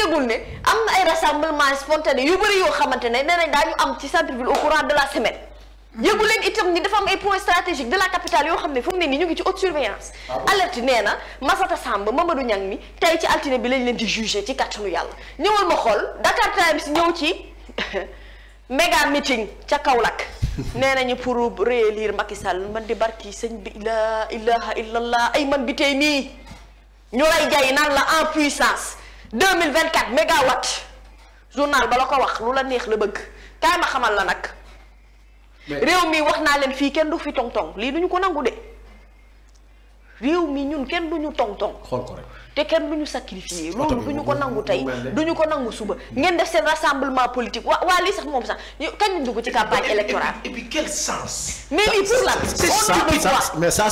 yëgul ne am na ay rassemblement spontané yu bëri yoo xamante ne nee nañ daañu am ci centre ville au courant de la semaine hmm. yëgu leen itam ni dafa am ay points stratégiques de la capitale yoo xam ne fu mu ne nii ñu ngi ci haute surveillance ah alerte nee na Massata Samb Mamadou Niang mi tey ci altine bi lañ leen di jugé ci kàttanu yàlla ñëwal ma xool Dakar Times ñëw ci méga meeting ca Kaolack nee nañu pour réélire Macky Sall man di barki sëñ bi la ilaha ay man bi tey nii ñu lay jaay naan la en deux mille vingt quatre mégawatt journal ba la ko wax lu la neex la bëgg kaay ma xamal la nag. réew mi wax naa leen fii kenn du fi tong tong lii du ko nangu de réew mi ñun kenn du ñu tong tong. te kenn du ñu sacrifier loolu du ñu ko nangu tey du ñu ko nangu suba ngeen def seen rassemblement politique waa waa lii sax moom sax kañ ñu dugg ci campagne électorale. et puis quel sens. mais oui pour la. mais ça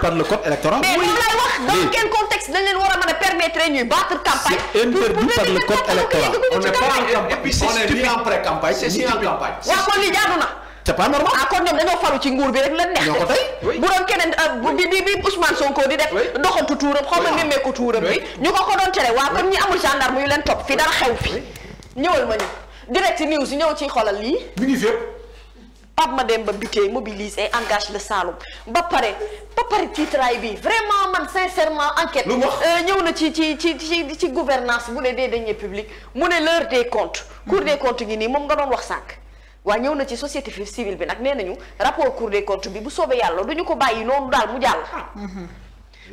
par le code électoral. mais loolu wax dans quel contexte dañ war a mën a permettre ñuy battre campagne. c'est par le code électoral. on n'est pas en na. c'est pas ah, kon ñoom dañoo faru ci nguur bi rek la neex. ñoo ko tey bu doon keneen ah, bi bi bi Ousmane Sonko di def. doxantu tuuram xaw ma nemmeeku tuuram bi. ñu ko ko doon tere waa kon ñi amul gendarme yu leen topp fi dara xew fi. ñëwal ma ñu direct news ñëw ci xolal lii. mi ngi fépp. Pape Mademba Bitèye mobilise et engage le Saloum ba pare ba pare titraay bi vraiment man sincèrement enquête. lu euh, ñëw na ci ci ci ci ci gouvernance bu ne dee deniers publics mu ne l'heure des comptes. Cour des comptes nii moom nga doon wax sànq. waaye ñëw na ci société civile bi nag nee nañu rapport cour des comptes bi bu soobee yàlla duñu ko bàyyi noonu daal mu jàll. Ah. Mhm.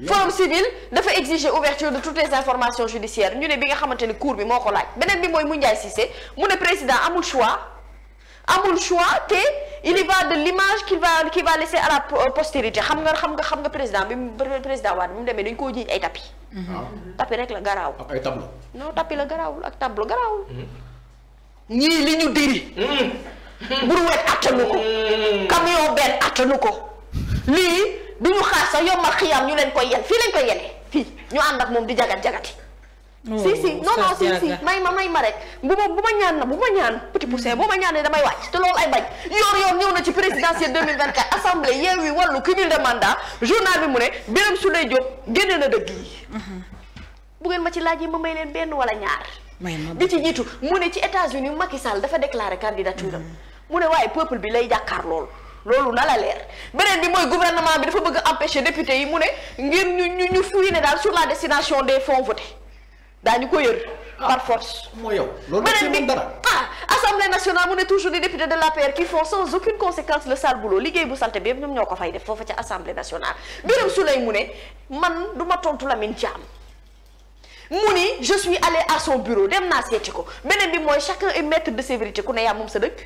forum civil dafa exiger ouverture de toutes les informations judiciaires ñu ne bi nga xamante ne cour bi moo ko laaj beneen bi mooy Moundiaye Cissé mu ne président amul choix amul choix te il y va de l'image qu'il va qu'il va laisser à la euh, postérité xam nga xam nga xam nga président bi président Wade bi mu demee dañ koo jiiñ ay tapis. Mhm. tapis rek la ah, la garaawul ak tableau garaawul. Mhm. ñii li ñu diri. brouette attanu ko. Mm. camion benn attanu ko. lii du ñu xaar sax yombal xiyam ñu leen koy yen fii lañ koy yenee fii ñu ànd ak moom di jagat jagati. Oh, si si non non si si may ma may ma rek bu ma bu ma ñaan na bu ma ñaan petit poussin bu ma ñaan ne damay wàcc te loolu ay bañ yoor yoor ñëw na ci présidentielle 2024 assemblée Yewwi Wallu cumul de mandat journal bi mu ne su Souleye Diop génne na dëgg yi. Mm-hmm. bu ngeen ma ci laajee ma may leen benn wala ñaar. bi ci jiitu mu ne ci États-Unis i Sall dafa déclaré candidature am mm. mu ne waaye peuple bi lay jàkkaar lool loolu na la leer beneen bi mooy gouvernement bi dafa bëgg a empêcher député yi mu ne ngir ñu ñu ñu fuy ne daal sur la destination des fonds votés daañu ko yër ah, par force yow loolu beneen bi ah assemblée nationale mu ne toujours des députés de l'APR qui font sans aucune conséquence le sale boulot liggéey bu salte bi yëpp ñoom ñoo ko fay def foofa ca assemblée nationale mu ne man du ma tontu Lamine Thiam mu ni je suis allé bureau dem naa seeti ko beneen bi mooy chacun est maître de sévérité ku ne yaa moom sa dëkk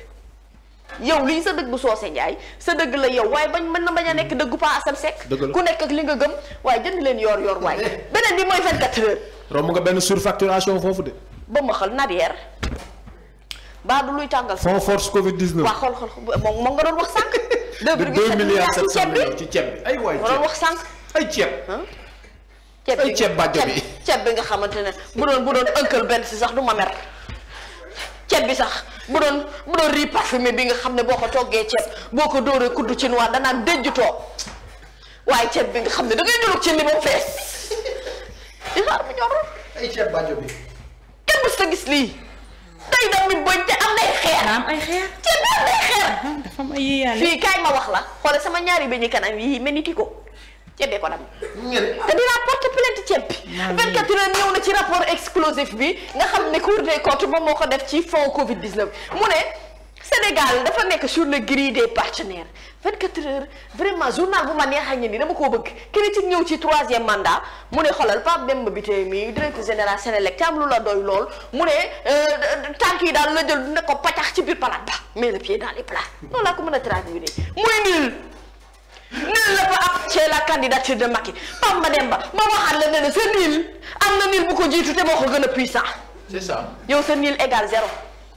yow lii sa dëgg bu soose njaay sa dëgg la yow waaye bañ mën na bañ a nekk dëggu pa asam sec ku nekk ak li nga gëm waaye jënd leen yoor yoor waaye beneen bi mooy 24 heures romb nga benn surfacturation foofu de ba ma xal nadière baa du luy tàngal fond force covid 19 waaw xool xool moom nga doon wax sànq deux milliards ci ceeb bi ay waay ma doon wax sànq ay ceeb ceeb bi ceeb bi ceeb bi nga xamante ne bu doon bu doon ënkël benn si sax du ma mer ceeb bi sax bu doon bu doon riz parfumé bi nga xam ne boo ko toggee ceeb boo ko dóoree kuddu ci noir danaan déjjutoo waaye ceeb bi nga xam ne da ngay dulug ci ni ba fees di xaar mu ñor ay ceeb bàjjo bi kenn mës ta gis lii tey damit bañ te am nay xeer ceeb bi am nay xeer fii kaay ma wax la xoole sama ñaari beñi kanam yi mel ni ko ceebee ko dam te dinaa porte plainte ceeb bi 24 heures ñëw na ci rapport explosif bi nga xam ne Cour des comptes moom moo ko def ci fond Covid 19 mu ne Sénégal dafa nekk sur le grille des partenaires 24 heures vraiment journal bu ma neexee ñu ni dama koo bëgg critique ñëw ci troisième mandat mu ne xoolal Pape Demba Bitèye mi directeur général Sénélec te am lu la doy lool mu ne euh, tànk yi daal la jël dina ko patax ci biir palaat mais le pied dans les plats a traduire nul ne peut appuyer la candidature de Macky Pape Mademba ma waxaat la ne ne sa nul am na nul bu ko jiitu te moo ko gën a puissant. c'est ça yow sa nul égal zéro.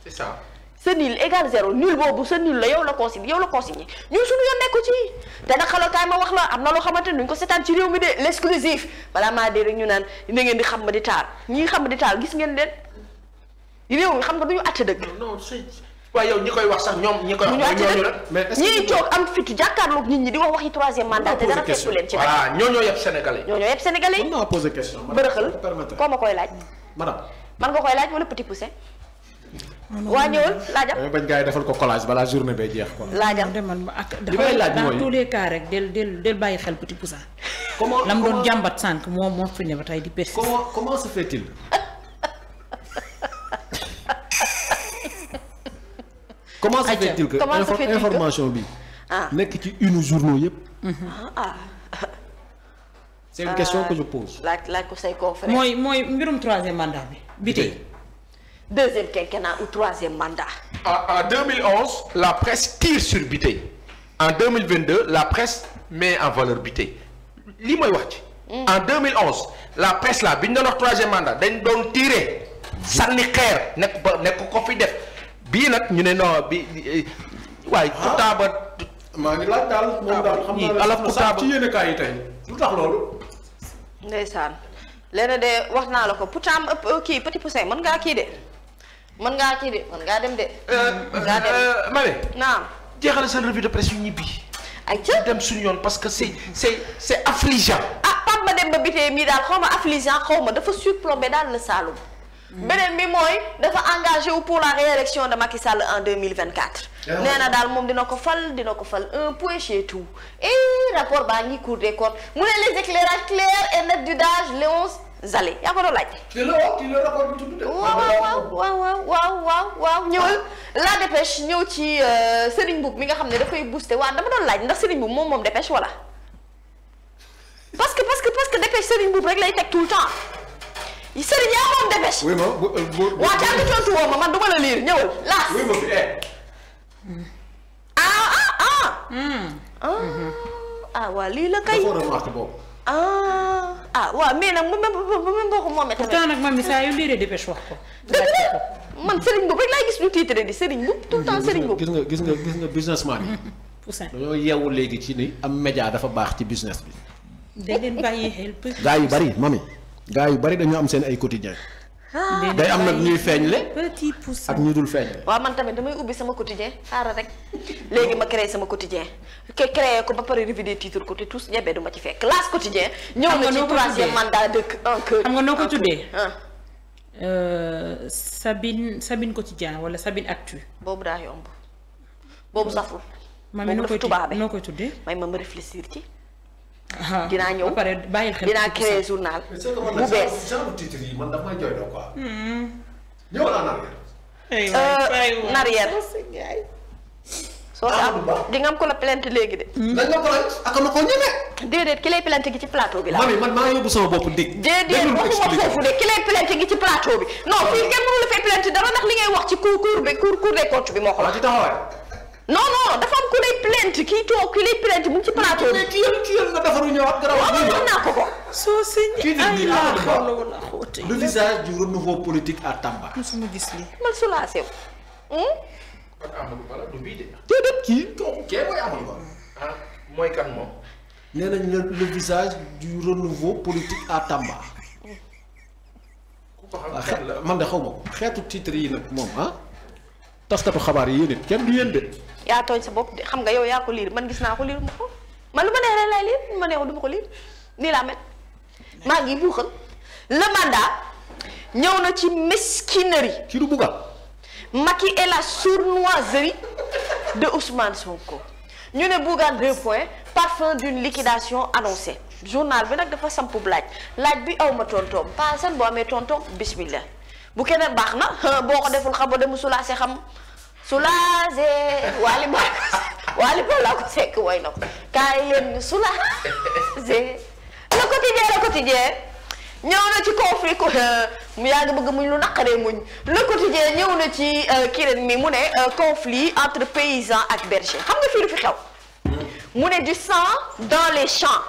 c'est ça. sa nul égal zéro nul boobu sa nul la yow la consigne yow la consigne ñun suñu yoon nekku ci te na xelal kaay ma wax la am na loo xamante ni ñu ko seetaan ci réew mi de l'exclusif balaa maa dee rek ñu naan na ngeen di xam ma di taal ñi xam ma di taal gis ngeen leen réew mi xam nga du ñu àtte waaye yow ñi koy wax sax ñoom ñi koy wax. ñooñu la mais est ce que ñiy toog am fit jàkkaarloog nit ñi di wax waxi troisième mandat te dara fekku leen ci. voilà ñoo ñoo yëpp sénégalais. ñoo ñoo yëpp sénégalais. mën naa poser question. bërëxal koo ma koy laaj. madame man nga koy laaj wala petit poussé. waa ñëwal laajal damay bañ gars yi defal ko collage balaa journée bee jeex kon. laajal man ak. li may laaj mooy dans tous les cas rek del del del bàyyi xel petit poussé. comment lam doon jàmbat sànq moom moo fi ne ba tey di. comment comment se fait-il euh, comment se fait-il que information bi ah. nekk ci une journaux yëpp ah. c'est une question euh, que je pose laaj mooy mooy mbirum troisième mandat bi bi tey deuxième quinquennat ou troisième mandat. en en 2011 la presse tire sur Biteye en 2022 la presse met en valeur Biteye lii mooy wax ci. Mm. en 2011 la presse la bi ñu doon wax troisième mandat dañ doon tirer sànni xeer nekk ba nekk ko fi def. bii nag ñu ne non bi eh, waaye ku ah. taaba maa ngi laaj daal moom daal xam naa alaf ku taaba ci wax naa la ko pourtant kii petit poussin ngaa kii de mën ngaa kii de dem de euh, ngaa dem euh, mane naam jeexale seen revue de presse yu dem suñu yoon parce que c'est c'est c'est affligeant ah Pape Mademba Bitèye mii daal xaw ma ma dafa surplombé daal la Saloum Mm. beneen bi mooy dafa engagé wu pour la réélection de Macky Sall en deux mille vingt quatre. Eh nee na daal moom dina ko fal dina ko fal un point chez tout et rapport baa ngi Cour des comptes mu ne les éclairages clairs Zale yaa ko doon laaj. te la waaw te la rapport bi tudd de. waaw waaw waaw waaw waaw ñëwal la dépêche ñëw ci euh, Serigne Mboup mi nga xam ne dafay booster waaw dama doon laaj ndax Serigne Mboup moom moom dépêche wala que parce que parce que dépêche Serigne le temps. sëriñ yaa moom dépêche. oui ma bu euh, bu bu waaw tant que tontu woo ma man du ma la liir ñëwal laas. oui ma fi eh. ah ah ah. Hmm. ah. ah waa lii la kay. ah ah waaw mais nag bu ma bu ma mbokk moomee saa yu liiree dépêche wax ko. dëgg la man sëriñ boobu rek laa gis ñu tiitre di sëriñ boobu tout sëriñ boobu. gis nga gis nga gis nga businessman yi. Ousseyn dañoo yeewu léegi ci ni am média dafa baax ci business bi. da leen bàyyi gaa yu bari mami. gaa yu bari dañoo am seen ay quotidien ah. day am nag ñuy feeñle ak ñu dul feeñle waaw man tamit damay ubbi sama quotidien xaaral rek léegi ma créé sama quotidien ke créé ko ba pare révider titre ko te tous ñebe du ci fekk classe quotidien ñëw na ci troisième mandat man un dëkk xam nga noo ko tuddee euh, Sabine Sabine quotidien wala Sabine actu boobu daa yomb boobu saful moom dafa tubaabee may ma ma réfléchir ci dinaa ñëw dinaa créer journal. bu bees genre titre yi man daf may jooy doo quoi. Hmm. ñëwal en euh, soo am ah, di nga am ko la plainte léegi de. Hmm. dañ nga ko ko ñeme. déedéet ki lay plainte gi ci plateau bi la. mami man maa yóbbu sama bopp dégg. déedéet waxuma foofu de ki lay plainte gi ci plateau bi. non fii kenn mënu la fay plainte dara ndax li ngay wax ci cour cour bi cour cour des bi moo ko non non dafa am ku lay plainte kii toog ku lay plainte mu ngi ci plateau bi. kii yëpp kii yëpp nga defaru ñëwaat. garaawul jiw naa ko ko. soo sañ ay laa xawla wala xawte. le à Tamba. su laa sew. Hmm? kon la du bii de. déedéet kii kooku ah, nañ le le visage renouveau politique à Tamba. ku ko xam ah, la man de xaw ma ko xeetu yi nag moom ah. taskatu xabaar yi yéen it kenn du yéen yaa tooñ sa bopp xam nga yow yaa ko liir man gis naa ko liir ma ko man lu ma neexee lay liir lu ma neexul du ko liir nii laa mel maa ngi buuxal le ñëw na ci mesquinerie ci du bugga Macky et la sournoiserie de Ousmane Sonko ñu ne Bougane deux points parfum d'une liquidation annoncée journal bi nag dafa sampub laaj laaj bi awma tontoom paasan boo amee tontoom bismillah bu keneen baax na boo ko deful xam ba dem sulaase xam su Wally Ballago Wally woy na ko kaay leen ñu soulagé le quotidien le quotidien ñëw na ci conflit ko mu yaa ngi bëgg muñ lu naqaree le quotidien ñëw na ci euh, kireen mi mu ne euh, conflit entre paysan ak berger xam nga fii lu fi xew mu ne du sang dans les champs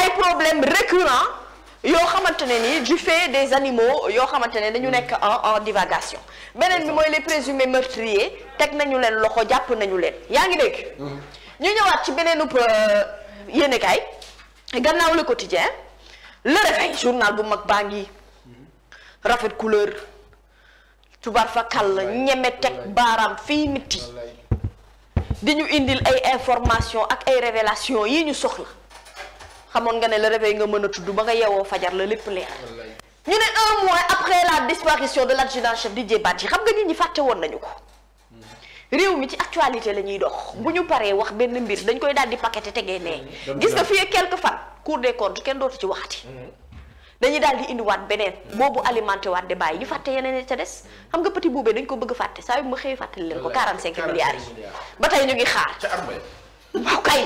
ay problème récurrent yoo xamante ne nii du fait des animaux yoo xamante ne dañu mm. nekk en en divagation beneen bi mooy les présumés meurtriers teg nañu leen loxo jàpp nañu leen yaa ngi dégg. Mm-hmm. ñu ñëwaat ci beneenu up euh, yéenekaay gannaaw le quotidien le réveil journal bu mag baa ngi mm-hmm. rafet couleur tubaar fa kàll ñeme teg baaraam fii nit yi indil ay information ak ay révélation yi ñu soxla. xamoon nga ne le réveil nga mën a tudd ba nga yeewoo fajar la lépp leer ñu ne un mois après la disparition de l'adjudant-chef Didier Badji xam nga nit ñi fàtte woon nañu ko réew mi ci actualité la ñuy dox bu ñu paree wax benn mbir dañ koy daal di paqueté tegee nee mm-hmm. gis nga fii quelque fan cour des comptes kenn dootu ci waxati mm-hmm. dañuy daal di indiwaat beneen mm-hmm. boobu alimenté waat de bàyyi ñu fàtte yeneen yi ca des xam nga petit boobee dañ ko bëgg fàtte saa ko 45 milliards yi ba tey ñu ngi xaar waaw kay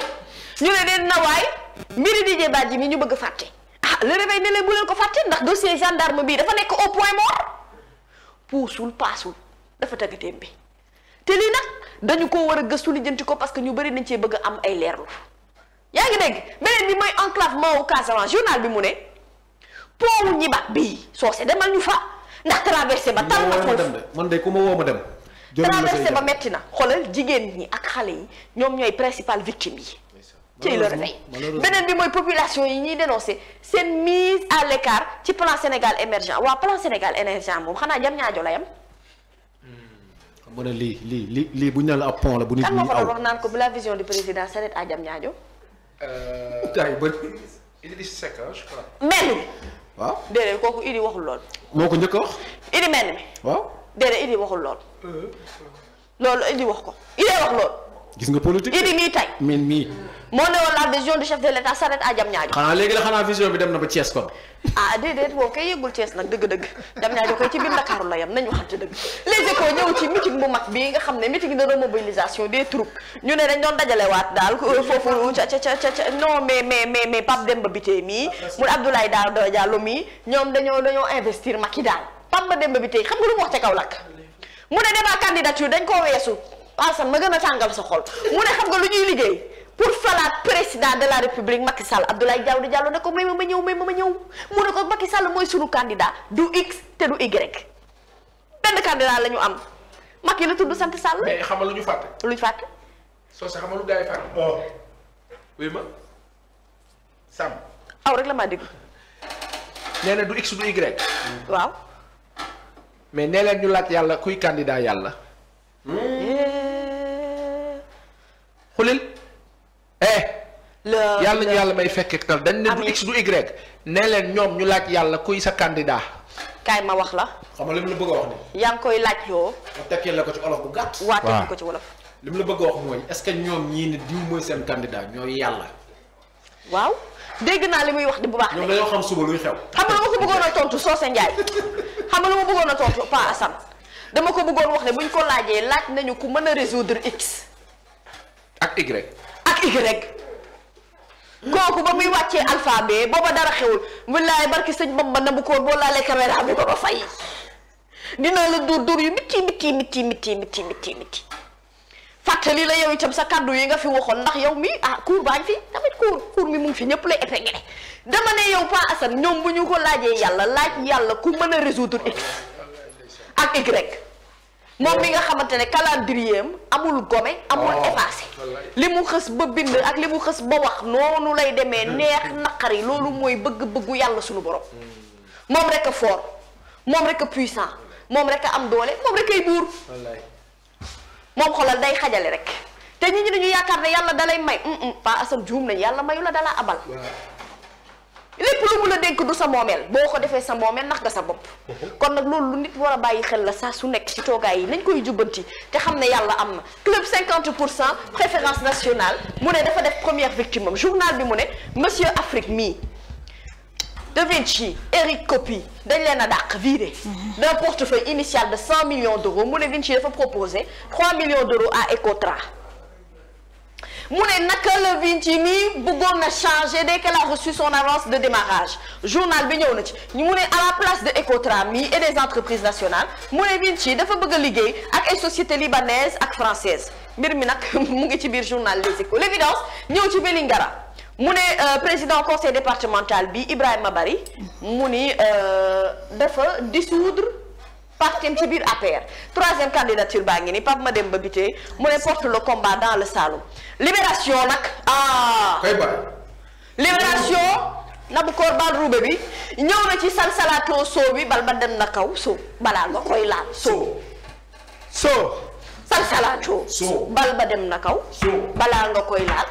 ñu ne leen mbiri Didier Badji mi ñu bëgg fàtte ah le réveil ne leen bu leen ko fàtte ndax dossier gendarme bii dafa nekk au point mort puusul paasul dafa taggateem bi te lii nag dañu ko war a gëstu lijjanti ko parce que ñu bëri nañ cee bëgg am ay leerlu yaa ngi dégg beneen bi mooy enclavement wu Casamance journal bi mu ne pont wu ñibat bii soo demal ñu fa ndax traversé ba tal na foofu man de ku ma woo ma dem traversé ba metti na xoolal jigéen ñi ak xale yi ñoom ñooy principal victime ciy la rafet beneen bi mooy population yi ñuy dénoncé seen mise à l'écart ci plan Sénégal émergent waaw plan Sénégal émergent moom xanaa jam ñaajo la yam mu hmm. ne lii lii lii lii bu ñu naan la ab pont la bu nit ñi aw wax naan ko bu la vision du président sa à Diamniadio. Euh, gars yu bëri Idriss Seck je crois. waxul lool. moo ko njëkk a wax. Idi mel mi. waaw déedéet Idi waxul lool. Euh, euh. loolu Idi wax ko Idi wax lool. gis nga politique idi mii tey min mii moo ne woon la vision du chef de l'état s'arrête à Diamniadio xanaa léegi la xanaa vision bi dem na ba Thiès kon ah déedéet moom kay yëgul Thiès nag dëgg-dëgg Diamniadio koy ci biir Ndakaaru la yam nañu xam ci dëgg les échos ñëw ci meeting bu mag bi nga xam ne meeting de remobilisation des troupes ñu ne dañ doon dajalewaat daal euh, foofu ca ca ca non mais mais mais mais Pape Demba Biteye mii mu Abdoulaye Daouda daal lu mu wax ca Assane ma gën a tàngal sa xol mu ne xam nga lu ñuy liggéey pour falaat président de la république Macky Sall Abdoulaye di Diallo ne ko may ma ma ñëw may ma ma ñëw mu ne ko Macky Sall mooy sunu candidat du X te du Y benn candidat lañu ñu am Macky la tudd sant Sall. mais xam nga lu ñu fàtte. lu ñu fàtte. soo sa xam nga lu gars yi fàtte. waaw oh. Sam. aw rek la maa dégg. nee na du X du Y. waaw. mais nee leen ñu laaj yàlla kuy candidat yàlla. Hmm? xulil eh yàlla ñu yàlla may fekkee tal dañ ne du x du y ne leen ñoom ñu laaj yàlla kuy sa candidat kaay ma wax la xam nga li la bëgg a wax ni yaa ngi koy laaj loo ma la ko ci olof bu gàtt waa tekki ko la bëgg a wax que ñoom ñii ne diw yàlla waaw dégg naa li muy wax di bu baax ñoom dañoo xam suba luy xew xam lu ma ko bëggoon a tontu Socé Ndiaye xam nga lu ma bëggoon tontu Pa Assane dama ko bëggoon wax ne bu ko laajee laaj nañu ku mën a résoudre x ak Y. ak Y. kooku ba muy wàccee alphabet booba dara xewul wallaay barki sëñ Bamba na bu koor boo laalee caméra ko ba ba fay dina la dóor dóor yu mitti mitti mitti mitti mitti mitti mitti fàttali la yow itam sa kàddu yi nga fi waxoon ndax yow mi ah cour baa ngi fi tamit cour cour mi mu ngi fi ñëpp lay épinglé dama ne yow Pa Assane ñoom bu ñu ko laajee yàlla laaj yàlla ku mën a résoudre x ak moom mi nga xamante ne calendrier am amul gome amul oh. effacé li mu xës ba bind ak li mu xës ba wax noonu lay demee hmm. neex naqari loolu mooy bëgg-bëggu yàlla suñu borom hmm. moom rek a fort moom rek a puissant moom rek a am doole moom rek ay buur moom xolal day xajale rek te ñi ñi ñu yaakaar ne yàlla dalay may pa asan juum nañ yàlla mayu la dalaa abal lépp lu mu la dénk du sa moomeel boo ko defee sa moomeel nax nga sa bopp mhm. kon nag loolu nit war a bàyyi xel la saa su nekk si toogaay yi lañ koy jubbanti te xam ne yàlla am na club 50 pour cent préférence nationale mu ne dafa def première victime am journal bi mu ne monsieur Afrique mii Da Vinci Eric Copy dañ leen a dàq viré mhm. d'un portefeuille initial de 100 millions d'euros mu ne Vinci dafa proposé 3 millions d'euros à Ecotra mu ne naka la Vincini bëggoon na changer de qu'elle a reçu son avance de démarrage journal bi ñëw na ci ñu mu ne à la place de Ecotra yi et des entreprises nationales mu ne Vinci dafa bëgg a liggéey ak ay sociétés libanaises ak françaises mbir mi nag mu ngi ci biir journal Les Échos l'évidence ñëw ci Vélingara mu ne euh, président conseil départemental bi Ibrahima Bari mu ni euh, dafa dissoudre partem ci biir APR troisième candidature baa ngi ni Pape Mademba Bitèye mu ne porte le combat dans le Saloum libération nag ah. libération nabu baal ruube bi ñëw na ci salsalaatoo soo bi bal ba dem na kaw soo balaa nga koy laal soo soo salsalaatoo soo bal ba dem na kaw soo balaa nga koy laal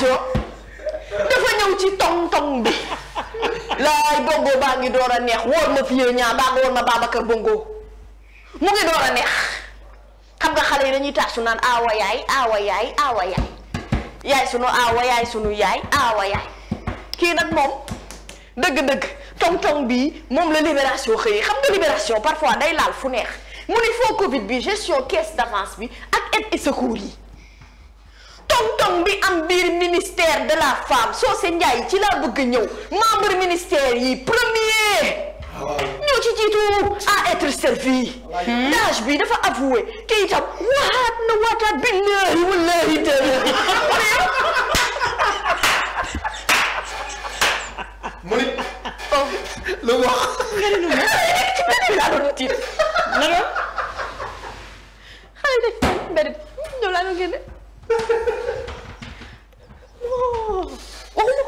soo dafa ñëw ci tong-tong bi laay bongo baa ngi door a neex woor ma fiyee ñaa baa nga woor ma Babacar bongo mu ngi door a neex xam nga xale yi dañuy taasu naan aawa yaay aawa yaay aawa yaay yaay sunu aawa yaay sunu yaay aawa yaay kii nag moom dëgg-dëgg tong-tong bii moom la libération xëyee xam nga libération parfois day laal fu neex mu ni foo Covid bi gestion caisse d'avance bi ak aide et secours yi tong-tong bi am biir ministère de la femme Socé Ndiaye ci laa bëgg membre ministère yi premier ñoo ci jiitu à être servi daaj bi dafa avoué te itam waxaat na waataat billahi wallahi mu ni lu wax ci beneen laa doon tiit na xale def beneen ñoo laa doon génne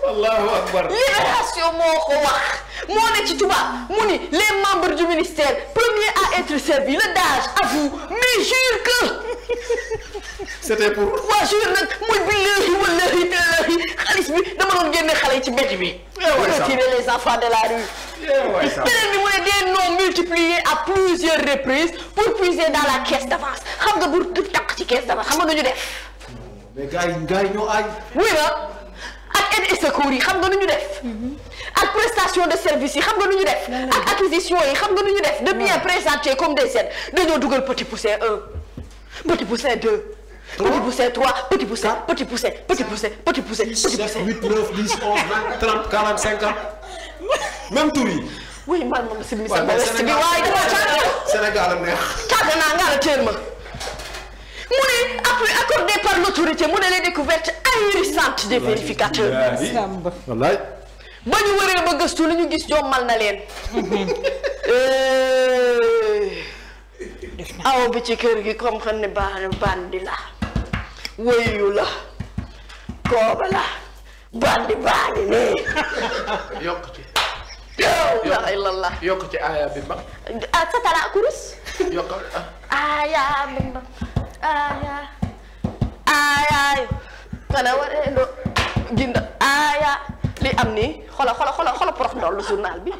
allahu akbar libération moo ko wax moo ne mu ni les membres du ministère premier à être servi le DAGE à vous mais que. c'était pour. waa jure nag mooy billahi wallahi tallahi xaalis bi dama doon génne xale yi ci mbedd bi. Eh retirer les enfants de la rue. Eh beneen bi mu ne des noms à plusieurs reprises pour puiser dans la caisse d'avance xam nga bu takk ci caisse d'avance xam nga ñu def. mais gars yi gars yi ñoo aay. wuy la ak aide et secours yi xam nga nu ñu def. ak prestation de service yi xam nga nu ñu def. ak acquisition yi xam nga nu ñu def. de bien présenté comme des aides dañoo dugal petit poussin un petit poussin deux. petit poussin trois petit poussin petit poussin petit poussin petit poussin. petit poussin 8 9 10 11 20 30 40 50 même tur yi. oui man moom si biir sama. waaye Sénégal Sénégal am neex. tàgg naa nga la teel ma. appui accordé par l'autorité mu ne la découverte ahurissante des vérificateurs. wallaay ba ñu wëree ba gëstu li ñu gis jommal na leen. Eh. aw bi ci kër gi comme xam ne bandi la wëyu la kooba la bandi baa ngi nii. yokk ci. la ilallah yokk ci aaya bi mbag. ah sa tala kurus. yokk ah. aaya bi mbag aaya. aaya kana waree ndo ginda aaya li am ni xola xola xola xola prof ndol journal bi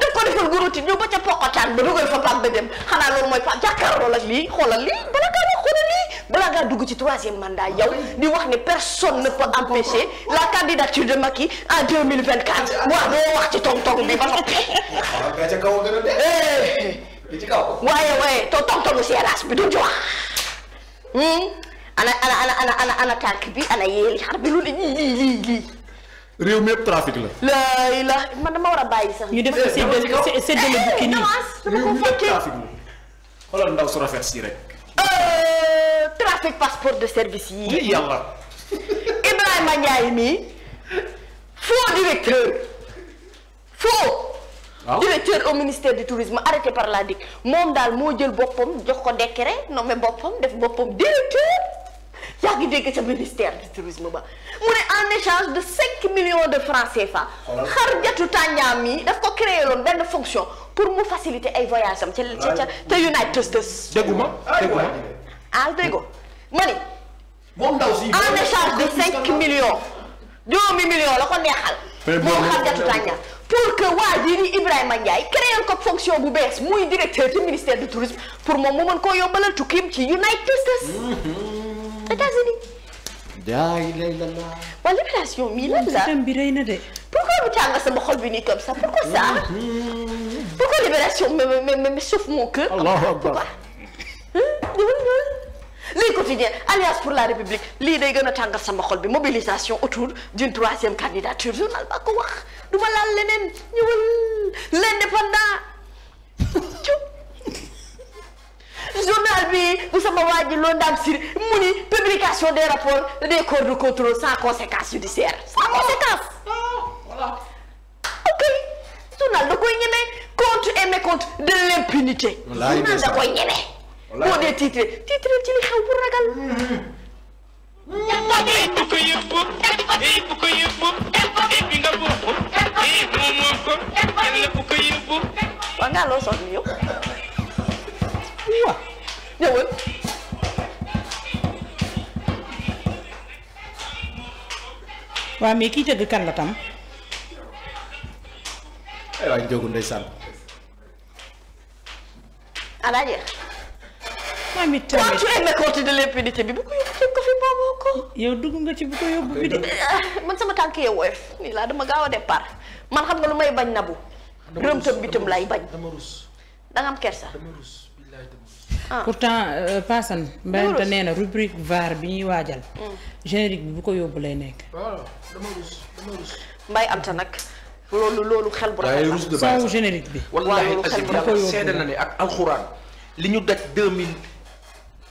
da ko defal gurutin ñëw ba ca poqotaan ba dugal fa pap ba dem xanaa loolu mooy pap jàkkaarloo ak lii xoolal lii bala ngaa wax xoolal lii balaa ngaa dugg ci troisième mandat yow di wax ne personne ne peut empêcher la candidature de Macky en 2024 waaw doo wax ci tong-tong bi ba noppi a eh. waaye waaye tong-tong seeraas bi du jox hmm? ana ana ana ana ana tànk bi ana yéeli xar bi lu ne lii lii lii. réew mi yëpp la. laay la man dama war a bàyyi sax. ñu def ko eh, séddale séddale eh, bukki nii. réew mi yëpp la. xoolal euh, de service yi. yàlla. Ibrahima Ndiaye mii. faux directeur. Ah. ministère du tourisme arrêté par la moom daal moo jël boppam jox ko décret nommé boppam def boppam directeur. yaa ngi dégg ca ministère du tourisme ba mu ne en échange de cinq millions de francs CFA. xar jatu tànjaam yi daf ko créer loon benn fonction pour mu faciliter ay voyage am. ca ca te United Tasters. déggu ma déggu ma ah déggu ma ni. moom ndaw si en échange de cinq millions. juróomi millions la ko neexal. moom xar jatu tànjaam pour que waa jii di Ibrahima Ndiaye créé ko fonction bu bees muy directeur du ministère de tourisme pour moom mu mën koo yombalal tukkiim ci United États-Unis. daa ilallah. waa Libération mii lan la bi rëy na de. pourquoi mu tàng sama xol bi nii comme ça pourquoi ça. pourquoi Libération me me me me chauffe mon cœur. alliance pour la république lii day gën a tàngal sama xol bi mobilisation autour d'une troisième candidature journal ba ko wax duma laal leneen ñëwal l'indépendant journal bi bu sama waa ji loolu daan sir mu ni publication des rapports des corps de contrôle sans conséquence judiciaire sans conséquence ok journal da koy ñeme compte et mécompte de l'impunité journal da koy ñeme boo dee titre titre ci li xew bu ragal bu ko yëpp bu ko yëpp bi nga buubu moom moom ko kenn la bu ko yëpp waa ngaa loo sonn yow ñëwal waaw mais kii tëgg kan la tam ay waay njóogu ndeysaan alaaje maam it tamit tu es mécontent de l'impunité bi bu ko yóbbu dugg nga ci bu ko yóbbu bi de ah, man sama tànk yee laa dama gaaw a départ man xam nga lu may bañ nabu rëmtëm bitam lay bañ danga am kersa Ah. temps euh, Paasan Mbayante nee na rubrique VAR bi ñuy waajal. Mm. générique bi bu ko yóbbu lay nekk. waaw ah, dama rus dama rus. nag. loolu loolu xel bu rafet la saawu générique bi. waaw loolu xel na ak alxuraan li ñu daj deux mille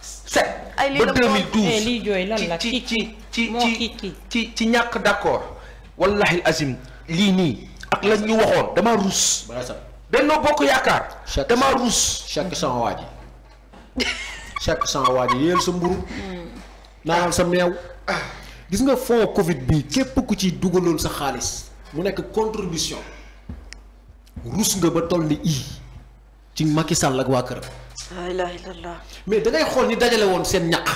sept. ay lii la ba eh, jooy lan la ci ci ci ci ci ci ñàkk d'accord. wallahi azim lii nii ak lañ ñu waxoon dama rus. benn bokk yaakaar. dama rus. chaque sama waa ji chaque cent waa ji yéel sa mburu naanal sa meew gis nga fond covid bi képp ku ci dugaloon sa xaalis mu nekk contribution rus nga ba toll ni i ci Macky Sall waa këram la ilaha illallah mais da ngay xool ni dajale woon seen ñaq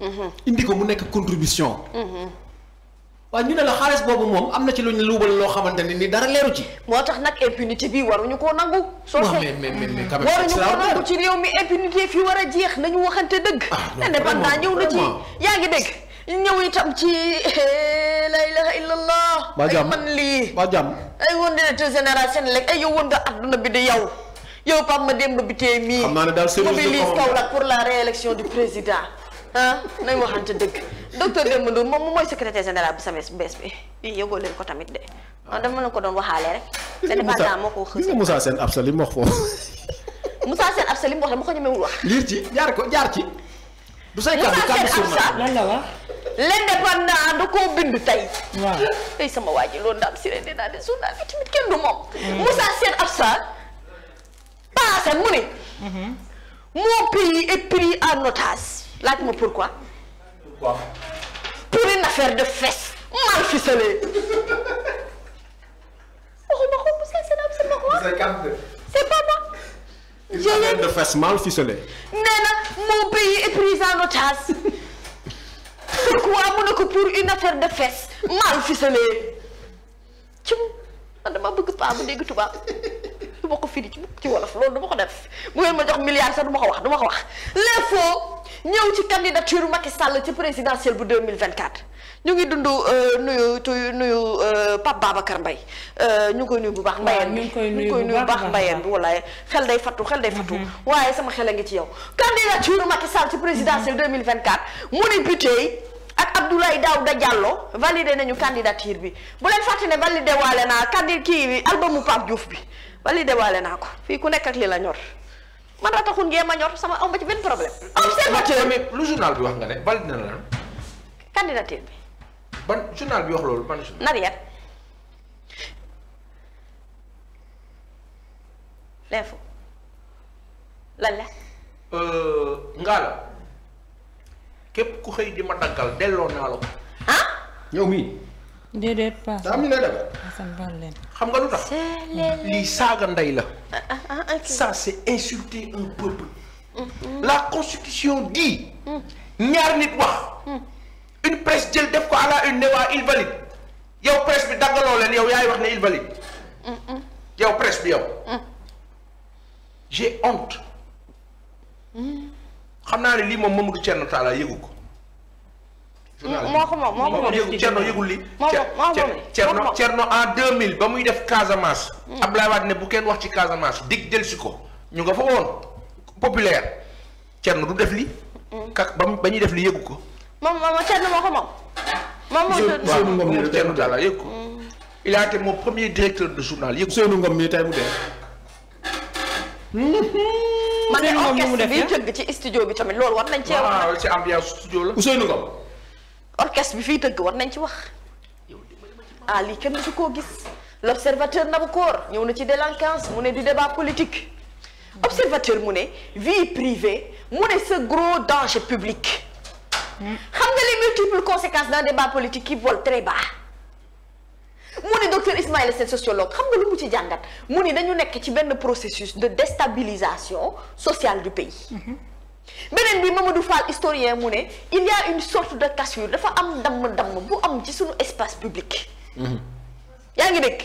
mhm. indi ko mu nekk contribution mhm. waaw ñu ne la xaalis boobu moom am na ci luñ luubal loo xamante ne ni dara leeru ci. moo tax nag impunité bi war koo ñu soo seet mais mais mais quand même waruñu koo nangu ci réew mi impunité fi war a jeex nañu waxante dëgg. Ah, indépendant ñëw na ci yaa ngi dégg. ñëw itam ci eh, la ilaha illallah. ba jàmm ay man lii ba jàmm. ay woon directeur général Senelec ay yow woon nga adduna bi di yow dem Pape Mademba Bitèye mii. xam naa ne daal mobilise Kaolack pour la réélection du président. ah nañ waxante dëgg docteur Demba Ndour moom moom mooy secrétaire général bu SAMES bees bi yii yëgoo leen ko tamit de ah dama la ko doon waxaale rek. Moussa moo ko xëy na Moussa Sène Absa li mu wax foofu. Moussa da koo bind tey. waaw tey sama waa ji loolu daal si ren nee naa de journal bi tamit kenn du moom. Moussa Sène Absa paase mu ne. Mhm. mon pays est pris en otage. laaj ma pourquoi. pourquoi. pour une affaire de fesse mal ficelée. Oh, c'est calme. c'est pas de fesse mal ficelée. nee mon pays est pris en otage. pourquoi mu ne ko pour une affaire de fesse mal ficelée. ci man ah, dama bëgg paa bu dégg tubaab. du ma ko firi ci ci wolof loolu du ko def bu ngeen ma jox milliard sax du ko wax du ma ko wax l'info ñëw ci candidature Macky Sall ci présidentielle bu 2024 ñu ngi dund euh, nuyu tuy nuyu euh, Pape Babacar euh, ñu ngi koy nuyu bu baax mbayeen bi ñu ngi koy nuyu bu baax mbayeen bi walaay xel day fattu xel day fattu mm-hmm. waaye sama xel a ngi ci yow candidature Macky Sall ci présidentielle 2024 mm-hmm. mu ni buté ak Abdoulaye Daouda Diallo validé nañu candidature bi bu leen fàtte ne validé waale naa candi kii bi albumu Pape Diouf bi validé waale naa ko fii ku nekk ak li la ñor man rataxun ngee ma ñor sama am ba ci benn problème. observateur bi lu journal bi wax nga ne validé na la. candidature bi. ban journal bi wax loolu ban journal. Nariette. l'info lan la. Euh, ngaa la képp ku xëy di ma daggal delloo naa la ko. ah. yow mii. déedéet paas. am ñu xam nga lu tax. lii saaga ndey la. Ah, ah, ah, ça c'est insulter un peuple. Mm-hmm. la constitution dit. Mm. ñaar nit wax. Mm. une presse jël def ko ala une ne waa il yow presse bi daggaloo leen yow yaay wax ne il yow presse bi yow. Mm. j'ai honte. xam naa ne lii moom Mamadou Thierno Talla yëgu ko. moo ko moom moo ko moom Cerno yëgul li Cerno Cerno en 2000 ba muy def Casamance. Hmm. Abdoulaye Wade ne bu kenn wax ci Casamance dig delsi ko ñu nga fa woon populaire Cerno du def li hmm. kak ba ba ñu def li yëgu ko. moom moom Cerno moo ko moom. moom moom moom Cerno daal yëgu ko. Hmm. il a été mon premier directeur de journal yëgu ko. Seynou Ngom mii tey mu dee. ma ne orchestre bi tëgg ci studio bi tamit loolu war nañ cee wax. waaw ci ambiance studio la. Ousseynou Ngom. orchestre bi fiy tëgg war nañ ci wax ah lii kenn su koo gis l'observateur Nabou Cor ñëw na ci délinquance mu ne du débat politique observateur mu ne vie privée mu ne ce gros danger public xam nga les multiples conséquences d'un débat politique qui vole très bas mu ne docteur Ismaïla Sène lu mu ci jàngat mu ne dañu nekk ci benn processus de déstabilisation sociale du pays mm-hmm. beneen bi du Fall historien mu ne il y une sorte de cassure dafa am damm-damm bu am ci suñu espace public. Mhm. yaa ngi dégg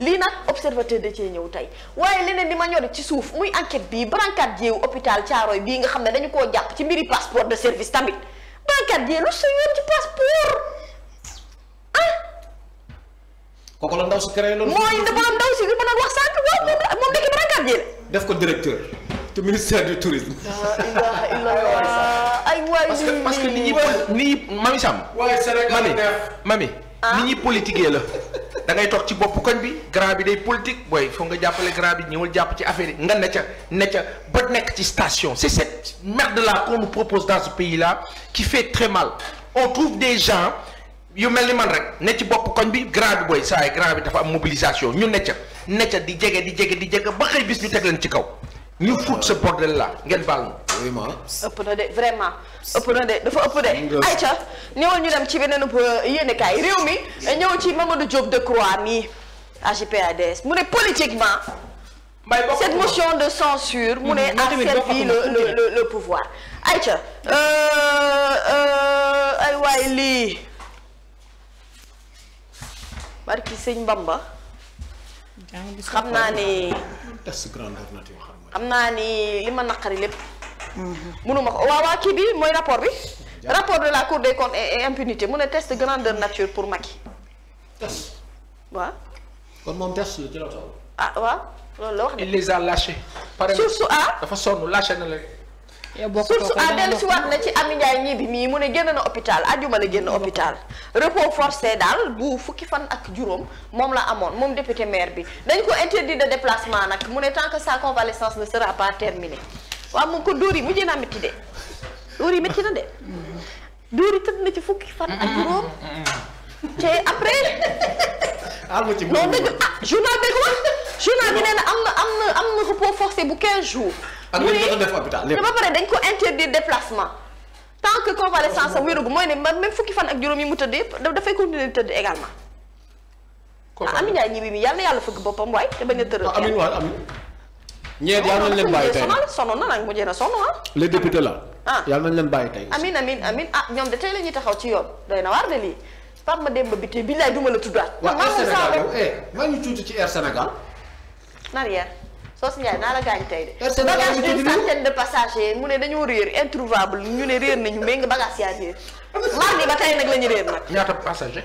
lii nag observateur de cee ñëw tey waaye leneen li ma ñor ci suuf muy enquête bii brancardier wu hôpital Thiaroye bi nga xam ne dañu koo jàpp ci mbiri passeport de service tamit brancardier lu sa yoon ci passeport ah. kooku la ndaw si créé loolu. mooy dafa ndaw si li ma doon wax sànq waaw moom moom dëkk brancardier la. def ko directeur. te ministère du tourisme. Ah, ay waay parce que parce que nit ñi nit ñi mami Sam. waay Sénégal mami mami. Ah? nit ñi politiqué la. da ngay toog ci bopp koñ bi grand bi day politique booy foog nga jàppale grand bi ñëwal jàpp ci affaire yi nga ne ca ne ca ba nekk ci station c'est cette merde là qu'on nous propose dans ce pays là qui fait très mal on trouve des gens yu mel ni man rek ne ci bopp koñ bi grand bi booy saa yi grand bi dafa am mobilisation ñu ne ca ne ca di jege di jege di jege ba xëy bis ñu teg leen ci kaw. ñu fut ce la là ngeen baal ma. vraiment. ëpp na de vraiment ëpp na de dafa ëpp de. ayca ñëwal ñu dem ci beneen euh, yéenekaay réew mi ñëw ci Mamadou Diop Decroix mi AGPADS mu ne politiquement. mbay cette motion de censure mu ne mm-hmm. a servi le le le pouvoir ayca. Euh, euh, ay waay lii. barki sëñ Bamba. xam naa ne. am naa ni li ma naqari lépp. mënuma mhm. ko waaw waa kii bi mooy rapport bi. rapport de la cour des comptes et impunité mu ne test grandeur nature pour Macky. test. waaw. kon moom test la la ah waaw loolu la wax de. il les a lâchés. pare ah. dafa sonn lâché na leen. surtout à ah, dellu si waat na ci Ami Ndiaye ñii bi mii mu ne génn na hôpital ajuma la génn hôpital repos forcé daal bu fukki fan ak juróom moom la amoon moom député maire bi dañ ko interdit de déplacement nag mu ne tant que sa convalescence ne sera part terminée waaw mu ko dóor yi mujjee naa métti de dóor yi métti na de dóor tëdd na ci fukki fan ak juróom te après alma ci moom dëgg ah journal bi wax journal bi nee am na am na am na forcé bu 15 jours ak li ñu ko def hôpital lépp ba pare dañ ko interdire déplacement tant que convalescence am wérugu mooy ne même fukki fan ak juróom yi mu tëdd yëpp dafay continuer di tëdd également ah Amy Ndiaye ñibbi bi yàlla na yàlla fëgg boppam waay te bañ a tëral ah, amin waay amin ñeent yàlla nañ leen bàyyi tey sonal na nag mujjee na sonn ah les députés la ah yàlla nañ leen bàyyi tey amin amin amin ah ñoom de tey la ñuy taxaw ci yoon doy na waar de lii par ma dem ba bi tey billaay duma la tuddaat waaw Air Sénégal yow eh maa ngi tuuti ci Air Sénégal narière Soos Ndiaye naa la gaañ tey de. bagage d'une centaine de passagers mu ne dañoo réer introuvable ñu ne réer nañu mais nga bagage yaa réer mardi ba tey nag la ñu réer nag. ñaata passager.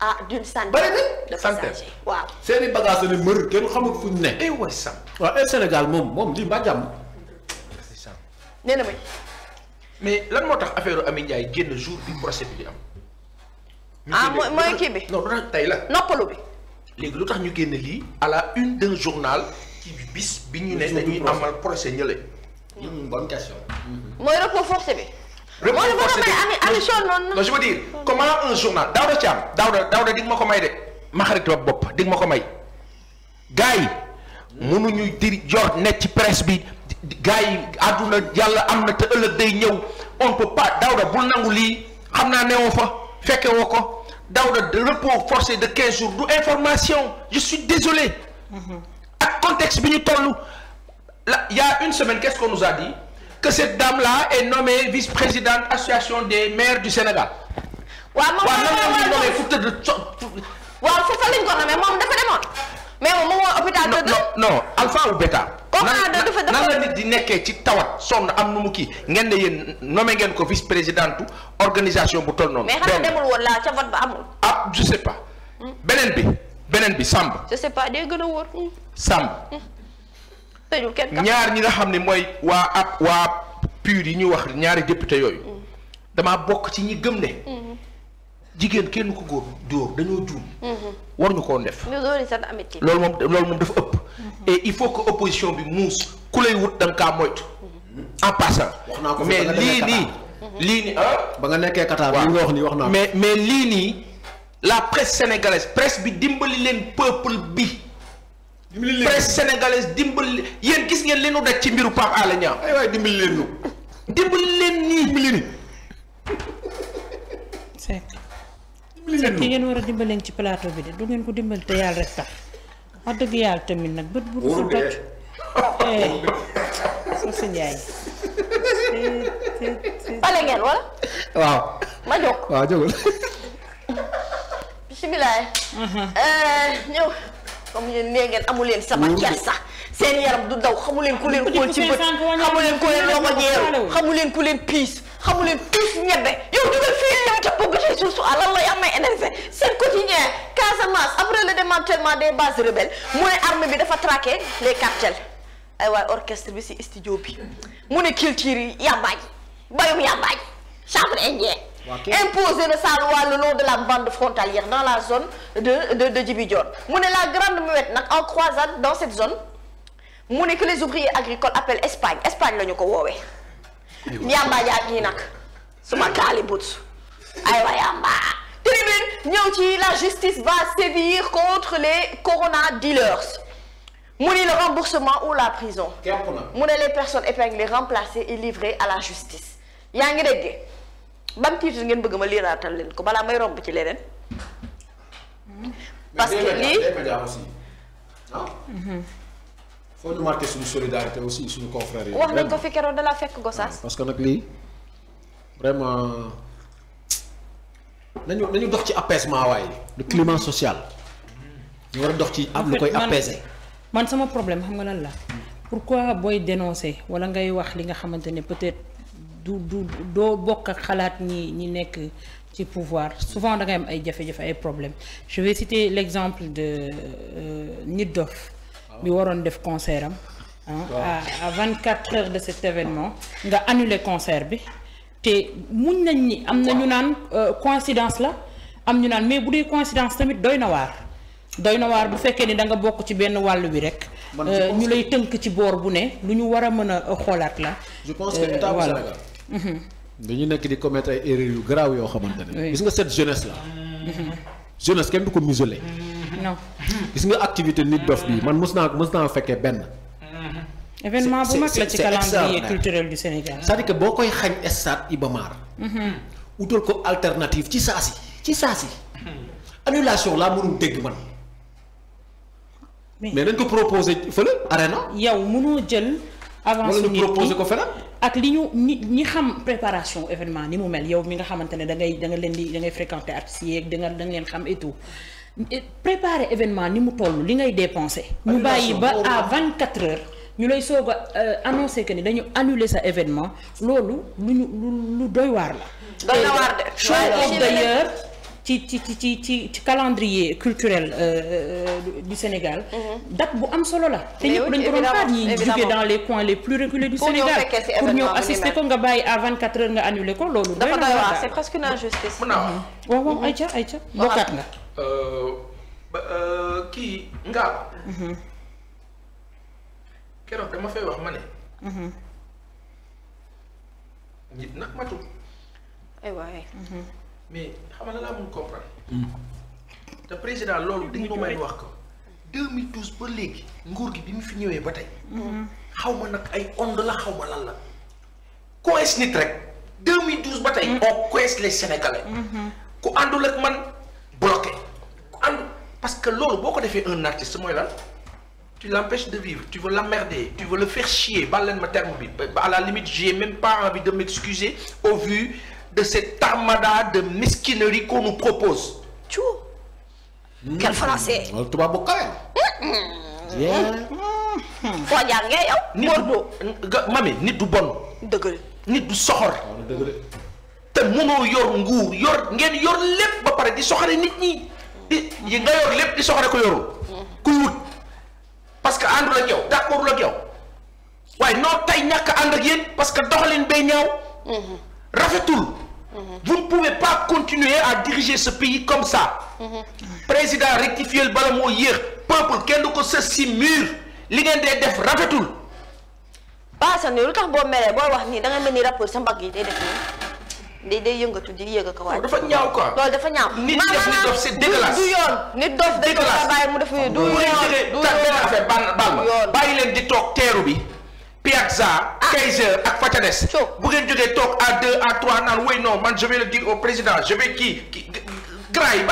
ah d'une centaine. bëri de passagers waaw. seen i bagages la mër kenn xamul fu ñu ne. Eh aywa sam. waaw Air eh, Sénégal moom moom lii mbaa jàmm. nee na mais lan moo tax affaire Ami Ndiaye génn jour bi procès bi di am. ah mooy mooy kii bi. non tey la noppalu bi. léegi lu tax ñu génn lii. à la une ci bis bi ñu ne dañuy amal procès ñële. bonne question. mooy repos forcé bi. repos forcé bi non je veux dire comment un journal Daouda Thiam Daouda Daouda di nga ma ko ma xarit di nga ko may gars yi mënuñu di jor nekk ci presse bi gars yi àdduna yàlla am na te ëllëg day ñëw on peut pas bul nangu lii xam naa neewoo fa fekke woo ko Daouda repos forcé de quinze jours du information je suis désolé. Mm-hmm. contexte bi ñu toll la il y a une semaine qu'est-ce qu'on nous a dit que cette dame là est nommée vice-présidente association des maires du Sénégal. waaw moom waaw nan la ñu nommé fu tëdd waaw foofu lañ ko nommé moom dafa demoon. mais moom moom mooy hôpital de. non non alpha ou bêta. nan nan la nit di nekkee ci tawat sonn am nu mu kii ngeen ne yéen nommé ngeen ko vice-présidente organisation bu toll noonu. mais xanaa demul woon laa ca vote ba amul. ah je sais pas hmm? beneen bi. beneen bi sàmb. je sais gën a wóor. Hmm. sàmb. Hmm. tëjul kenn ñaar ñi nga xam ne mooy waa ak waa PUR yi ñuy wax ñaari député yooyu. Hmm. damaa bokk ci ñi gëm ne. jigéen kenn ko góor dóor dañoo juum. war ñu koon def. loolu moom loolu moom dafa ëpp. et il faut que opposition bi muus ku lay wut da nga kaa moytu. en passant. mais lii nii. lii ah. nii ba nga nekkee Qatar. wax naa mais mais lii nii. la presse sénégalaise presse bi dimbali leen peuple bi. dimbali leen sénégalaise dimbali yéen gis ngeen li nu daj ci mbiru Pape Alé Niang. ay waay dimbali leen ñu. dimbali leen ñii dimbali ki ngeen war a dimbali leen ci plateau bi de du ngeen ko dimbali te yàlla rek tax wax dëgg yàlla tamit nag bët bu dul doj. Eh, soo sa njaay. pale ngeen wala. waaw. ma jóg waaw jógul. similaay eh, ñëw comme yéen nee ngeen amu leen sama sax seen yaram du daw xamu leen ku leen xool ci bët xamu leen ku leen loxo jeeru xamu ku leen piis xamu leen piis ñebe yow dugal fii ñëw ca bëgg ci suuf su alal la yàmmay énervé seen quotidien Casamance après le démantèlement des bases rebelles mu ne armée bi dafa traqué les cartels ay waay orchestre bi si studio bi mu ne culture yi yàmbaaji bayum yàmbaaji chambre indien imposer na sa loi le long de la bande frontalière dans la zone de de mu ne la grande muette nag en croisade dans cette zone mu ne que les ouvriers agricoles appellent Espagne Espagne la ñu ko woowee. yamba ak ñi nag suma kaali but aywa yamba. tribune ñëw ci la justice va sévir contre les corona dealers. mu ni le remboursement ou la prison. mu ne les personnes épinglées remplacées et livrées à la justice yaa ngi dégg. ban titre ngeen bëgg ma liiraatal leen ko balaa may romb ci leneen. parce que lii ah? mhm. faut ñu marqué suñu solidarité aussi suñu confrères yi. wax nañ ko fi keroog da la fekk Gossas. Ah, parce que nag lii vraiment nañu nañu dox ci apaisement waaye. le climat mhm. social. ñu war a dox ci am lu koy apaiser. man sama problème xam nga lan la. pourquoi booy dénoncer wala ngay wax li nga xamante ne peut-être. du du doo bokk ak xalaat ñi ñi nekk ci pouvoir souvent da am ay jafe-jafe ay problème je vais citer l'exemple de euh, nit dof ah. bi waroon def concert am ah. à vingt quatre heures de cet événement nga annuler concert bi te muñ nañ ni am na ñu naan euh, coïncidence la am ñu naan mais bu dee coïncidence tamit doy na waar doy na waar bu fekkee ni da nga bokk ci benn wàll bi rek. Euh, ñu lay tënk ci boor bu ne lu ñu war a mën a xoolaat la. je pense dañu nekk di commettre ay erreurs yu garaaw yoo xamante ne. gis nga cette jeunesse là. jeunesse kenn du ko muselé. non. nga activité nit dof bi man mos naa fekkee benn. événement bu que boo koy xañ stade Iba Mar. Mhm. ko alternative ci saa si ci saa si. annulation laa mënul dégg man. mais nañ ko proposé fële arena yow mënoo jël. avance proposé ko feneen. ak li ñu ñi ñi xam préparation événement ni mu mel yow mi nga xamante ne da ngay da nga leen di da ngay fréquenter artistes yeeg da nga leen xam et tout préparer événement ni mu toll li ngay dépenser. ñu bàyyi ba à vingt quatre heures. ñu lay soog a euh, annoncé que ni dañu annuler sa événement loolu lu ñu lu doy waar la. ci ci ci ci ci calendrier culturel euh, euh, du Sénégal. Mhm. date bu am solo la. te ñëpp dañ ko doon xaar ñi jóge dans les coins les plus reculés du Sénégal pour ñëw assister ko nga bàyyi à 24 heures nga annulé ko loolu. dafa doy waar c'est presque une injustice. mën naa mhm. waaw waaw mhm. ayca ayca. bokkaat nga. Euh, ba kii Ngab. keroog dama fay wax ma ne. nit nag matul. ay waay. mais xam nga laa mun comprendre. Hmm. te président loolu dañ ko may wax ko. 2012 ba léegi nguur gi bi mu fi ñëwee ba tey. Hmm. xaw ma nag ay onde la xaw ma lan la. coes nit rek 2012 ba tey. Hmm. on coes les sénégalais. ku àndul ak man bloqué. ku àndu parce que loolu boo ko defee un artiste mooy lan. tu l'empêches de vivre tu veux l'emmerder tu veux le faire chier baal leen ma terme bi à la limite j'ai même pas envie de m'excuser au vu. de cette armada de mesquinerie qu'on nous propose. tu vois. quel français. loolu tubaab bu kawe. foo jàngee yow. nit du mami nit du bon. nit du soxor. Oh, te mënoo yor nguur yor ngeen yor lépp ba pare di soxore nit ñi. di yi nga yor lépp di soxore ko yorul. Mm-hmm. ku wut parce que àndul ak yow d'accordul ak yow waaye noo tey ñàkk ànd ak yéen parce que doxalin bay ñaaw. Mm-hmm. rafetul. Mhm. vous ne pouvez pas continuer à diriger ce pays comme ça. Mhm. président rectifier bala moo yéex peuple kenn du ko sës si mur li ngeen dee def rafetul. Paa Sane lu tax boo meree boo wax nii da nga mel ni rapport sa mbagg yi day def nii day day yëngatu di yëg ko waaye. dafa ñaaw quoi loolu dafa ñaaw. nit def nit dof c'est dégueulasse du yoon. nit dof dañ ko bàyyi mu def nii du yoon bàyyi leen di toog teeru bi. Piazza, ah. Kaiser ak fa ca des bu ngeen jógee toog à deux à trois naan non man je vais le dire au président je vais kii kii gras yi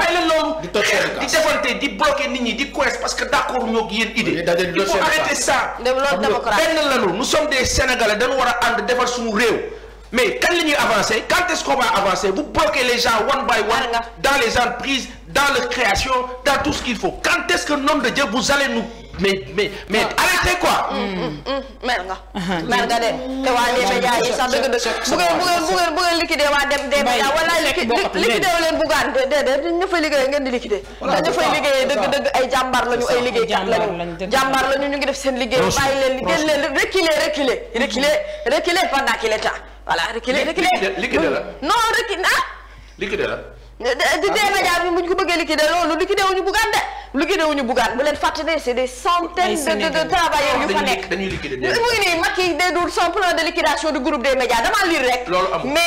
di defante di bloquer nit ñi di coince parce que d'accord ñoo yéen idée il faut arrêter ça benn lanu nous sommes des Sénégalais dañu war a ànd defar suñu réew mais quand nous avançons, quand est-ce qu'on va avancer Vous bloquez les gens one by one dans les entreprises, dans la création, dans que, mais mais mais ah. arrêtez quoi. mer nga. mer nga de te waa Démé Dia yi sax dëgg dëgg. bu ngeen bu ngeen bu ngeen bu ngeen liquider waa Démé Dia wala liquider wu leen bugaan déedéet ñu fa liggéeyee ngeen di liquider. te ñu fay dëgg dëgg ay jàmbaar lañu ay liggéeykat lañu. jàmbaar lañu ñu ngi def seen liggéey. bàyyi leen liggéey leen reculer reculer reculer reculer pendant qu'il est temps la non reculer ah. di média bi muñ ko bëggee liquidé loolu liquidé wuñu bugaan de liquidé wuñu bugaan bu leen fàttali c'est des de de travailleurs yu fa nekk mu ngi nii Macky day dul son plan de liquidation du groupe des médias damaa lire rek mais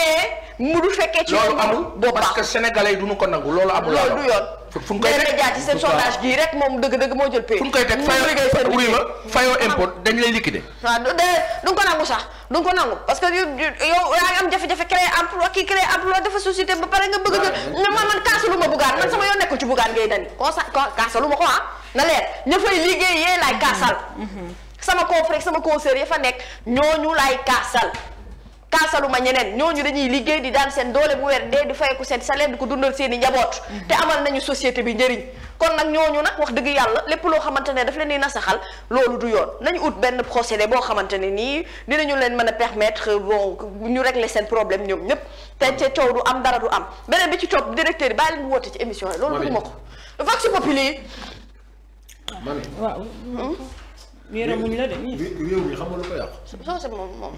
mu du fekkee ci loolu amul boobu parce que sénégalais yi ko nangu loolu amul loolu yoon fu ñu koy teg média ci seen sondage gii rek moom dëgg-dëgg moo jël pay fu ñu koy teg fayoo wuy ma fayoo impôt dañ lay liquider waaw de duñ ko nangu sax duñ ko nangu parce que yow yaa ngi am jafe-jafe créer emploi kii créer emploi dafa société ba pare nga bëgg a jël man man kaasalu ma bugaan man sama yoon nekkul ci bugaan ngay dani consa kaasalu ma ko ah na leer ña fay liggéey yee laay kaasal mhm. sama confrère sama conseiller ya fa nekk ñooñu laay kaasal kaasaluma ñeneen ñooñu dañuy liggéey di daan seen doole bu weer dee di fayeku seen salaire di ko dundal seen i njaboot mm-hmm. te amal nañu société bi njariñ kon nag ñooñu nag wax dëgg yàlla lépp loo xamante ne daf leen di nasaxal loolu du yoon nañu ut benn procédé boo xamante ne nii dinañu leen mën a permettre bon ñu régler seen problème ñoom ñëpp te cee coow du am dara du am beneen bi ci topp directeur yi bàyyi leen woote ci émission yi loolu bëgguma ko vox populi yi hmm? a de réew mi xam nga ko yàq soo moom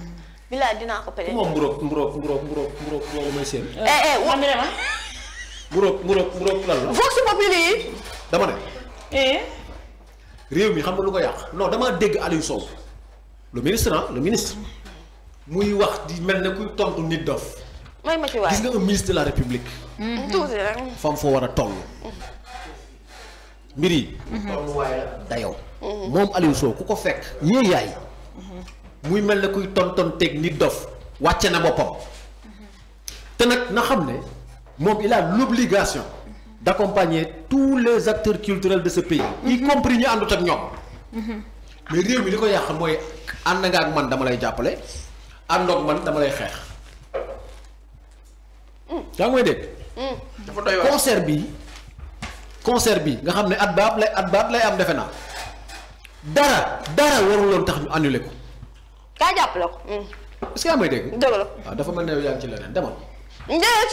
bilaay dinaa ko péréte. ku ma mburoog mburoog mburoog mburoog mburoog loolu may seen. eh eh wax mi ne ma. mburoog mburoog mburoog lan la. vox populi yi. dama ne. eh. réew mi xam nga lu ko yàq non damaa dégg Aliou Sow le ministre ah le ministre muy wax di mel ne kuy tontu nit dof. mooy ma ci waay gis nga un ministre de la république. Mm-hmm. tuuti rek. fam foo war a toll. mbir yi. Mm-hmm. tolluwaay la dayoo. Mm-hmm. moom Aliou Sow ku ko fekk. yéeyaay. muy mel ne kuy tonton teg nit dof wàcce na boppam te nag na xam ne moom il a l'obligation d'accompagner tous les acteurs culturels de ce pays y mhm. compris ñu àndut ak ñoom mhm. mais réew mi li ko yàq mooy ànd nga ak man dama lay jàppale àndoog man dama lay xeex mm. yaa ngi may dégg mm. bi concert bi nga xam ne at baab lay at baab lay am defe naa dara dara waruloon tax ñu annulé ko kaa jàppale ko. Mm. est may dégg. la waaw ah, dafa mel ne yow yaa ngi ci leneen demal. njëriñ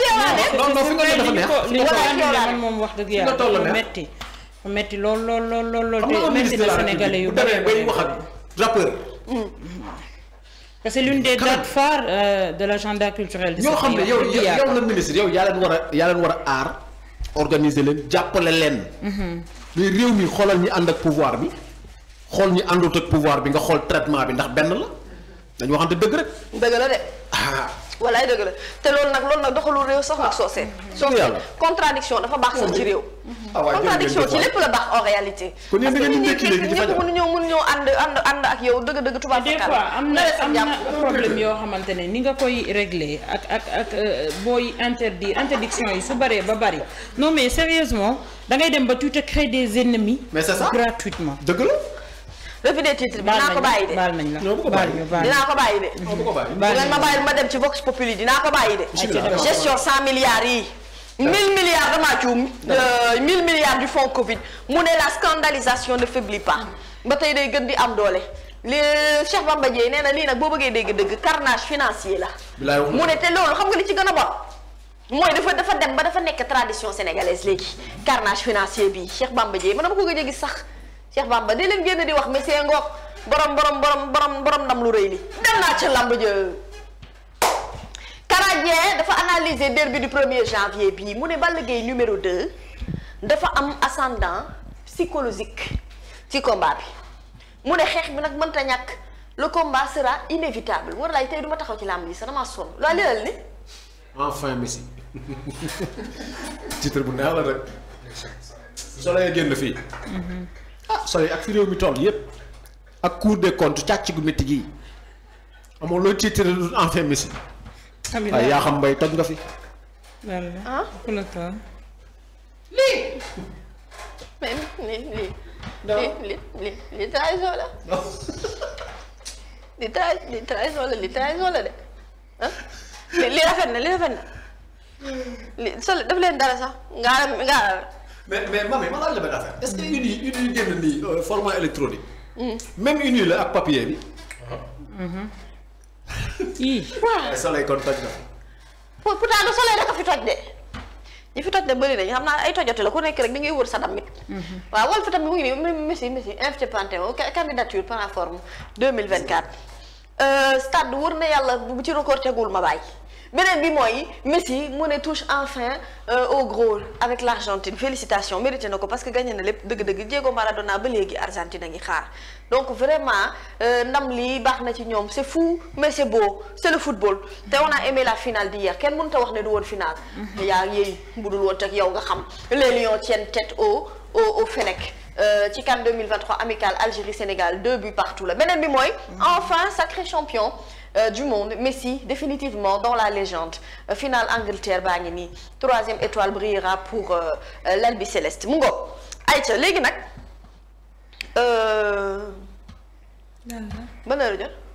ci ne dafa moom wax dëgg yàlla mu metti metti lool lool lool lool lool. te metti na sénégalais yu bëri bay wax ak rappeur. Mm. c'est l'une des dates phares euh, de l'agenda culturel. de ñoo xam ne yow yow la ministre yow yaa leen war a yaa war a aar organiser leen jàppale leen. mais mm-hmm. réew mi xoolal ñi ànd ak pouvoir bi xool ñi àndut ak pouvoir bi nga xool traitement bi ndax benn la. dañu waxante dëgg rek. dëgg la de. Ah. walaay dëgg la te loolu nag loolu nag doxalul réew sax nag soo seet. Mm-hmm. soo seet contradiction dafa baax sax ci réew. Mm-hmm. Ah, contradiction ci lépp la baax en réalité. kon yéen da ngeen di nekk parce que ak yow dëgg dëgg. tubaab am na am na xamante ne ni nga koy régler ak ak ak euh, booy interdire interdiction yi su baree ba bari non mais sérieusement da ngay dem ba tu te des ennemis. mais c'est ça gratuitement dëgg la. revue des bi dinaa ko bàyyi de baal nañ la dinaa ko bàyyi de bu ngeen ma bàyyi ma dem ci vox populi dinaa ko bàyyi de gestion cent milliards yi milliards damaa juum euh, milliards du fonds covid mu ne la scandalisation ne faiblit pas ba tey day gën di am doole li euh, Cheikh Bamba Dièye nee na lii nag boo bëggee dégg dëgg carnage financier la mu ne te loolu xam nga li ci gën a bon mooy dafa dafa dem ba dafa nekk tradition sénégalaise léegi carnage financier bi Cheikh Bamba Dièye man dama ko gëj a sax Cheikh Bamba di leen génn di wax Messi ngoog borom borom borom borom borom ndam lu rëy li dem naa ca lamb ja Karadien dafa analyser derby du premier janvier bi mu ne Balla Gaye numéro 2 dafa am ascendant psychologique ci komba bi mu ne xeex bi nag mënta ñàkk le combat sera inévitable war laay tey du ma taxaw ci làmb yi sa damaa sonn laa leeral ni enfin Messi titre bu neex la rek solo génn fii mhm. ah sori ak fi réew mi toll yépp ak cour de comptes càcc gu métti gii amoon looy tiitare du euphémisme waaye yaa xam mbay toj nga fi ah lii mais lii lii lii lii lii trahison la lii tra lii trahison la lii trahison la de ah lii rafet na lii rafet na lii sol daf leen dara sax ngaaram ngaaral mais mais mami man laa la benn affaire est-ce que uni uni yu génn nii euh, format électronique. même uni la ak papier bi. waaw soleil kon toj na. pour pourtant du soleil rek a fi toj de. ñi fi toj de bëri nañu xam naa ay tojote la ku nekk rek di ngay wër sa damit. Mhm. waaw wolof tamit mu ngi nii Messi Messi invité Panthéon oh, candidature par la deux mille vingt quatre euh, stade wër na yàlla bu ci record tegul ma bàyyi. beneen bi mooy Messi mu ne touche enfin euh, au gros avec l'Argentine félicitation mérité na ko parce que gagné na lépp dëgg-dëgg Diego Maradona ba léegi Argentine a ngi xaar donc vraiment euh, ndam lii baax na ci ñoom c'est fu mais c'est beau c'est le football te on a aimé la finale d'hier kenn mënut wax ne du woon finale. Mhm. yaa yéy budul woon teg yow nga xam les Lions tiennent tête au au au Fennec euh, ci CAN 2023 amical Algérie Sénégal deux buts partout la beneen bi mooy mhm. enfin sacré champion. Euh, du monde Messi définitivement dans la légende euh, finale Angleterre baa ngi nii troisième étoile brillera pour euh, l'Albi Céleste mu ngo ayca léegi nag heure jot